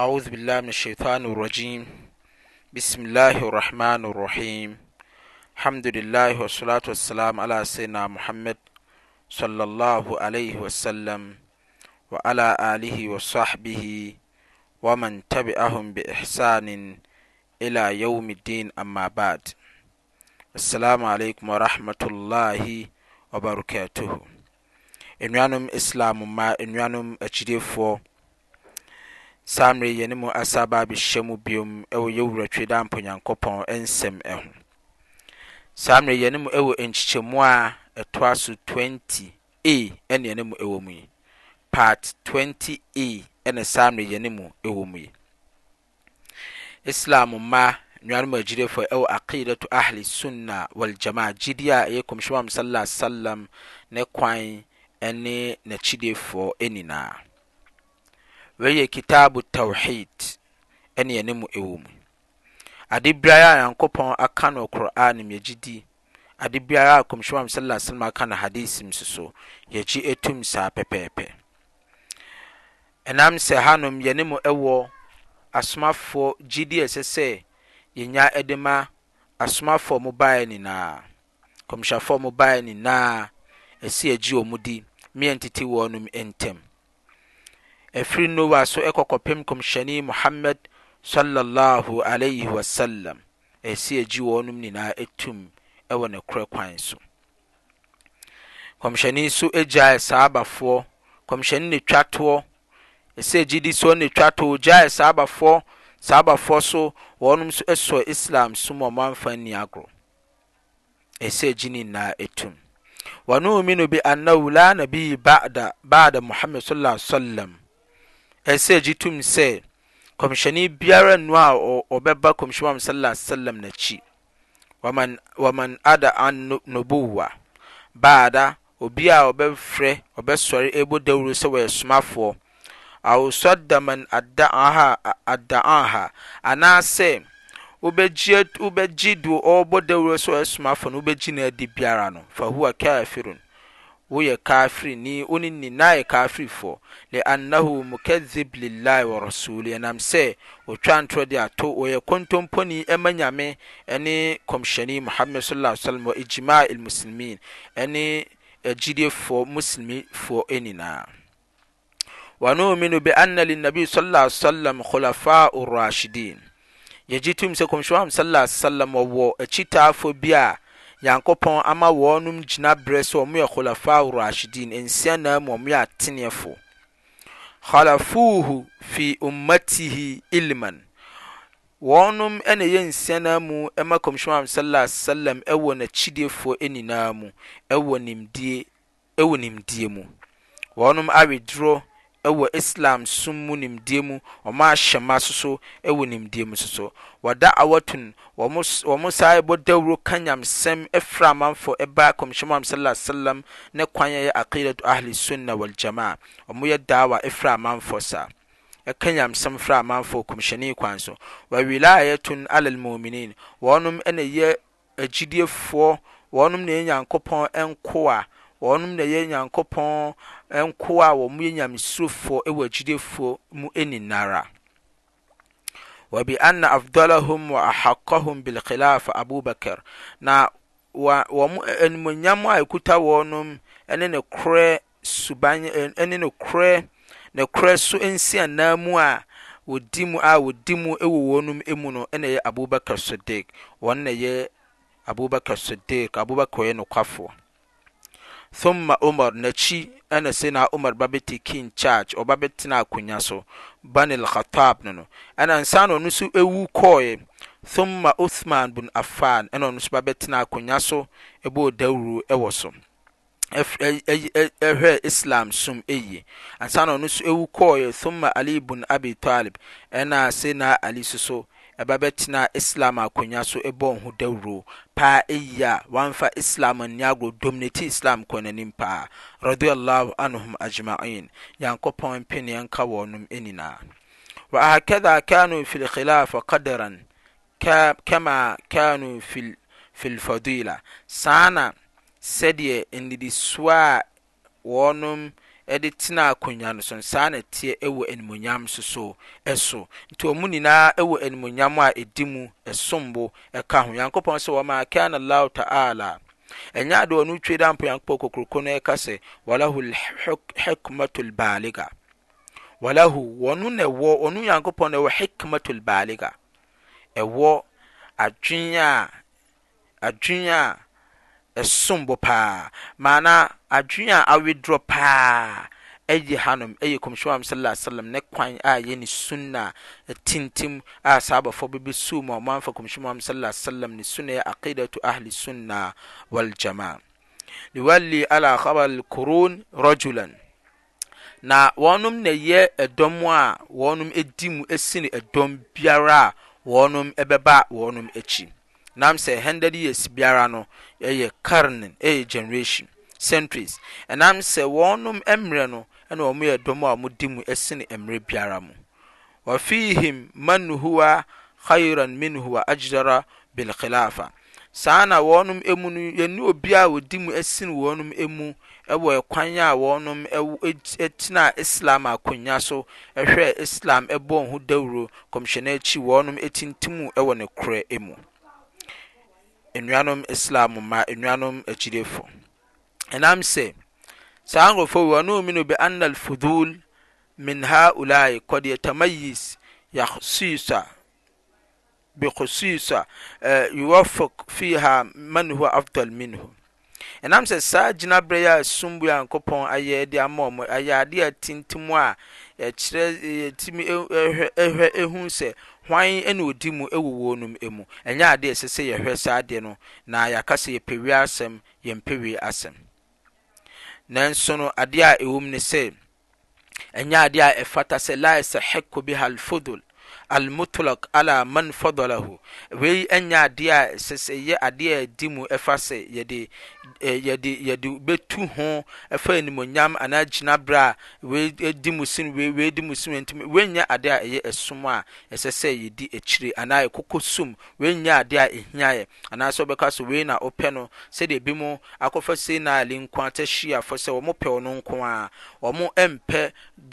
أعوذ بالله من الشيطان الرجيم بسم الله الرحمن الرحيم الحمد لله والصلاة والسلام على سيدنا محمد صلى الله عليه وسلم وعلى آله وصحبه ومن تبعهم بإحسان إلى يوم الدين أما بعد السلام عليكم ورحمة الله وبركاته إنوانم إسلام ما إنوانم أجريفو saa mmerɛ yɛne mu asa abɛhyɛ mu biom ɛwɔ yɛwura twe da nyankopɔn nsɛm ɛho saa mmerɛ yɛne mu ɛwɔ nkyekyɛmu a ɛtoa so 20 a ɛne yɛne mu ɛwɔ mu yi part 20 a ɛne saa mmerɛ yɛne mu ɛwɔ mu yi islam mma nnuanom agyirefoɔ ɛwɔ aqidatu ahli sunna wal jamaa gyidi a ɛyɛ kɔmhyɛmam sallallahu alaihi salam ne kwan ɛne n'akyidefoɔ nyinaa weiyɛ kitab towhid ne yɛnemu wɔ mu ade beae a nyankopɔn aka no korɔa nemyɛgyedi ade barɛ a kɔmhwiam sa salm aka no hadese mu soso yɛgye tum saa pɛpɛpɛ ɛnam sɛ hanom yɛnem ɛwɔ asomafoɔ gyidi ɛ sɛ sɛ yɛnya de ma asomafoɔ mo baɛ ninaa kɔmhyafoɔ mu baɛ ninaa ɛsɛ ɛgyi ɔ mu di meɛntite wɔnom ntm afiri noa so ɛkɔkɔpem kɔmhyɛniyi muhamed sllh alih wasalam sɛegyi wɔnom nyinaa tum ɛwɔ nekorɛ kwan so kmhyɛni i so gyaaafoɔygyaafoɔ sɔnm so su islam so mmanfa nnigorsgyinnaa tum wanuminu bianna la nabiyi bada muhamads sam ɛsɛ gye tum sɛ kɔmhyɛne biara nnu a ɔbɛba kɔmhyɛn mu sala alaihi n'akyi waman waman ada an nubuwa baada obi a ɔbɛfrɛ ɔbɛsɔre ebo dawuro sɛ wɔyɛ somafoɔ awosɔda man ada aha ada aha anaasɛ wobɛgye wobɛgye do ɔbɔ dawuro sɛ ɔyɛ somafoɔ no wobɛgye no adi biara no fahuwa kafirun wo yɛ kafirini o ne nina yɛ ka firifɔ leannahu mukadhib lilahi warasuli ɛnam sɛ ɔtwa ntrɔ de ato wɔyɛ kɔntomponi ma nyame ne kɔmsyɛni mohamad slm wɔ igmae almuslemin ɛne agyidiefɔ musilimifoɔ anyinaa wanuminu beana lnnabi sm kɔlafa rashidin yɛgy tum sɛkɔmsini m mwkiaafɔ b nyankopɔn ama wɔnom gyinaberɛ sɛ ɔmo yɛ khulafa rashidin nsia na mu ɔmo yɛ ateneɛfo khalafuhu fi ummatihi ilman wɔnom ɛna ɛyɛ nsia na mu ɛma kɔmhyɛn sallallahu alaihi wasallam ɛwɔ n'akyidiefoɔ nyinaa mu ɛwɔ nimdie ɛwɔ nimdie mu wɔnom awedorɔ wɔ islam sum mu nimdeɛ mu wɔn ahyɛ ma soso wɔ nimdeɛ mu soso wɔda awɔtun wɔn saa bɔ dawuro kanyamsɛm fira amanfo ba kɔmhyɛn mu sallallahu alaihi ne kwan yɛ akidatu ahli sunna wal jamaa wɔn yɛ daawa fira amanfo saa ɛka nyamsɛm fra amanfo kɔmhyɛne kwan so wawilayatun alal muminin wɔnom ɛna yɛ agyidiefoɔ wɔnom na yɛ nyankopɔn nkoa wɔnom na ɛyɛ nyankopɔn nko a wɔn yɛ nyamesurofoɔ wɔ agyidefoɔ mu nyinara wabi anna afdalahum wa ahakahum bilkhilafa abubakar na wɔn animonyam a ɛkuta wɔnom ne ne korɛ suban ne ne korɛ ne korɛ so mu a wɔdi mu a wɔdi mu wɔ wɔnom mu no na yɛ abubakar sadiq wɔn na yɛ abubakar sadiq abubakar yɛ nokwafoɔ thumma umar n'akyi ɛna se na umar ba bɛte king charge ɔba bɛtena akonnwa so banil khatab no no ɛna nsa na ɔno nso ɛwu kɔɔɛ thumma uthman bin affan ɛna ɔno nso ba bɛtena akonnwa so ɛbɔ dawuro ɛwɔ so ɛhwɛ islam som ɛyie ansa na ɔno nso ɛwu kɔɔɛ thumma ali bin abi talib ɛna se na ali soso ɛbɛ bɛtena islam akonnwa so bɔ ɔn ho dawuro paa ayi islam ani agorɔ dominate islam kɔn n'anim paa rɔdi allah anuhum ajima'in yankɔpɔn mpinne nka wɔnom nyinaa wa ahakɛdha kanu fil khilaf qadran kama kanu fil fil fadila sana na indi ndidi soa de tena akonnwa no so saa na ɛteɛ wɔ animonyam so so so nti wɔn nyinaa wɔ animonyam a ɛdi mu ɛsombo ɛka ho nyankopɔn sɛ wɔma kana allah ta'ala ɛnyɛ ade ɔno twe da mpo nyankopɔn kokoroko no ɛka sɛ walahu hikmatul baliga walahu wɔno na ɛwɔ ɔno nyankopɔn na ɛwɔ hikmatul baliga ɛwɔ adwene a adwene a sombɔ paamaana adwenen a awedorɔ paa ɛyɛ hanom ɛyɛ komshimɔ am sa salam ne kwan a yɛne sunna tintim a saabɔfo bebɛsuo mu aɔmoafa komshim am sa salam ne suneɛ aqidato ahlissunna waljama newallei ala gabar lkoron rajulan na wɔnom na yɛ ɛdɔm a wɔnom di mu sine ɛdɔm biara a wɔnom bɛba wɔnom akyi nam sɛ hundred years biara no ɛyɛ karne ɛyɛ generation centuries ɛnam sɛ wɔnom mmerɛ no ɛna wɔn yɛ dɔm a wɔdi mu sene mmerɛ biara mu wafihim man huwa khayran min huwa ajdara bilkhilafa saa na wɔnom mu no yɛne obi a wɔdi mu ɛsene wɔnom mu ɛwɔ kwan a wɔnom ɛtena islam akonnwa so ɛhwɛ islam ɛbɔ ho dawuro kɔmhyɛnɛ akyi wɔnom ɛtintim ɛwɔ ne korɛ mu. nnuanom islam ma nnuanom akyirefo ɛnam sɛ saa nkurɔfoɔ wɔ no minu bi anna alfudul min haulai kɔd yatamayis yakhsisa bikhusisa yuwafak fiha man huwa afdal minhu ɛnam sɛ saa gyinaberɛ yi a sumbu nyankopɔn ayɛ de ama ɔmo ayɛ adeɛ atintim a ɛkyerɛ yɛtumi ɛhwɛ ɛhu sɛ hwan neɛ ɔdi mu ɛwɔwɔ nom mu ɛnyɛ adeɛ ɛsɛ sɛ yɛhɛ saadeɛ no na yɛaka sɛ yɛpɛwie asɛm yɛmpɛwie asɛm nanso no adeɛ a ɛwo m ne sɛ ɛnya adeɛ a ɛfata sɛ la ɛsɛhico bi ha alfodol Almutulok ala man fadalahu wei ɛnyɛ adeɛ a ɛsɛ sɛ ɛyɛ adeɛ a ɛdi mu ɛfa sɛ yɛde yɛde eh, yɛde bɛtu ho ɛfa animonyam anaa gyinabere a wei eh, di mu sin wei wei di mu sin wei ntumi wei nyɛ adeɛ a ɛyɛ ɛsom a ɛsɛ sɛ yɛdi akyire anaa ɛkoko som wei nyɛ adeɛ a ɛhia yɛ anaa sɛ ɔbɛka so wei na ɔpɛ no sɛdeɛ bi mu akɔfa sei na ale nko ata hyia fɔ sɛ wɔn pɛ ɔno nko a wɔn mpɛ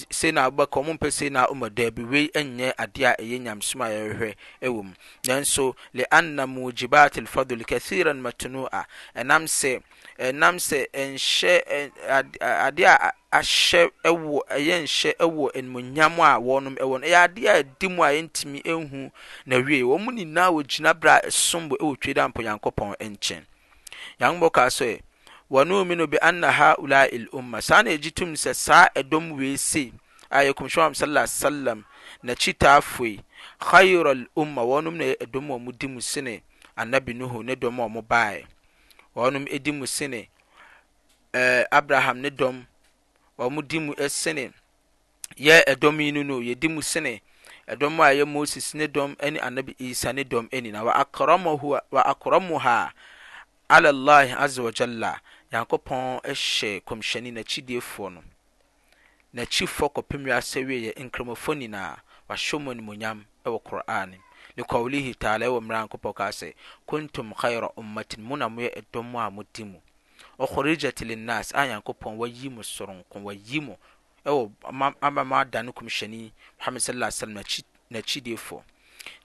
sei na abɛka wɔn mpɛ sei na ɔmɔ dɛbi wei nyɛ adeɛ a ɛyɛ nyamesom a yɛhwehwɛ wɔ mu nanso anna mujibat alfadl kathiran matnua ɛnam sɛ ɛnam sɛ ɛnhyɛ adeɛ a ahyɛ ɛwɔ ɛyɛ nhyɛ ɛwɔ animonyam a wɔnom wɔ no ɛyɛ adeɛ a ɛdi mu a yɛntumi ɛnhu na wie wɔn mu nyinaa wɔgyina bere a ɛsom bɔ ɛwɔ twe da mpo nyankopɔn nkyɛn yankopɔn kaa sɛ wɔnuminu bi anna ha ulai il umma saa na egyi tum sɛ saa ɛdɔm wei sei a yɛ kɔmhyɛn sallallahu alaihi wa sallam nakyitaafi haira lomma wɔnom nɛ dɔm m di mu sene anabi nuhu ne dɔm mo ba ɔnm dm sene eh, abraham e n dɔm yinn ɛm ene dɔ ayɛ moses ne dɔm ne annabi isa ne dɔm ninaa wɔ akramuha lalahi aza wajala nyankopɔn hyɛ kɔmhyɛni nakyidi fɔ no nakyi f kɔpemiasɛ wi nkrmɔfɔ nyinaa washomɔne mu nyam wɔ kuranem lekaulihi taala ɛwɔ mmerɛ nyankɔpɔn kasɛ kuntum haira ummatin mu na moyɛ ɛdɔ mu a mu di mu ɔhorijati linnas a nyankopɔn wayi mu soronko wayi m wɔmaadane kum hyɛni mohamed sai a salam nakhide fɔ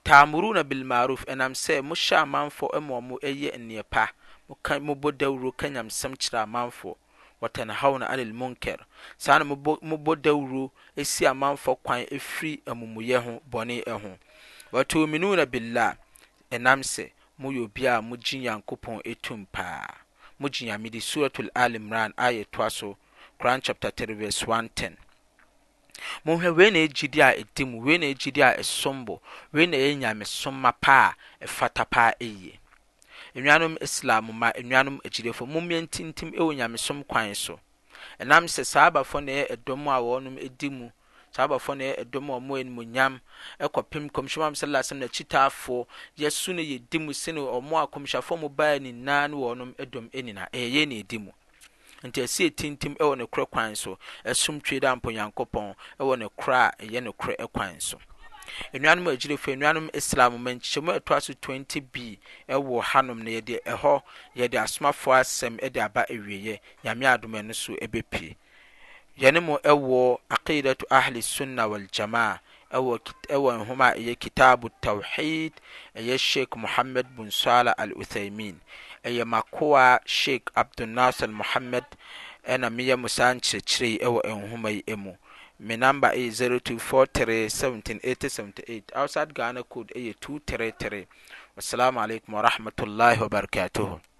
taamurona bilmaruf ɛnam sɛ mo hyɛ amanfɔ moa mo ɛyɛ nneɛ pa mubɔ dawuro ka nyamsɛm kyerɛ amanfɔ watanhauna anil munkar saa na mobɔ dawuro si amanfo kwan firi amumuyɛ ho bɔne ho watuminuna billah ɛnam sɛ moyɛ obi a mogye nyankopɔn ɛtum paa mogye nyame de suratul al imran ayɛ toa so quran chapter 3 verse 110 mohwɛ wei na ɛgyidi a ɛdi mu wei na ɛgyidi a ɛsom bɔ wei na ɛyɛ nyamesoma paa ɛfata paa ɛyie nnuanom islam ma nnuanom mu mumyɛ ntintim ɛwɔ nyamesom kwan so ɛnam sɛ saabafo na ɛyɛ ɛdɔm a wɔnom ɛdi mu saabafo na ɛyɛ ɛdɔm a wɔn animuonyam ɛkɔpem kɔmhyɛm am sɛlɛ asɛm n'akyitaafoɔ yɛsu no yɛdi mu sene wɔn a kɔmhyɛfoɔ mu baa nyinaa no wɔnom ɛdɔm ɛnina ɛyɛ na ɛdi mu nti ɛsi tintim ɛwɔ ne korɛ kwan so ɛsum twe da mpɔnyankopɔn ɛwɔ ne korɛ a ɛyɛ ne korɛ ɛkwan so nnuanom agyilefo nnuanom islam ma nkyɛmu ɛtoa so 20b ɛwɔ hanom na yɛde ɛhɔ yɛde asomafoɔ asɛm ɛde aba awieɛ nyame adoma no so ɛbɛpie yɛne mu ɛwɔ aqidatu ahli sunna waljamaa ɛwɔ ɛwɔ nhoma ɛyɛ kitabu tawhid ɛyɛ sheikh muhammad bin sala al uthaymin ɛyɛ makoa sheikh abdulnasir muhammad ɛna meyɛ mu saa nkyerɛkyerɛ yi ɛwɔ nhoma yi mu mi nambe ay 02 4 3 78 78 outside gana kode ay 2w tre 3re wassalamu aleykum wa rahmatullahi wa barakatuhu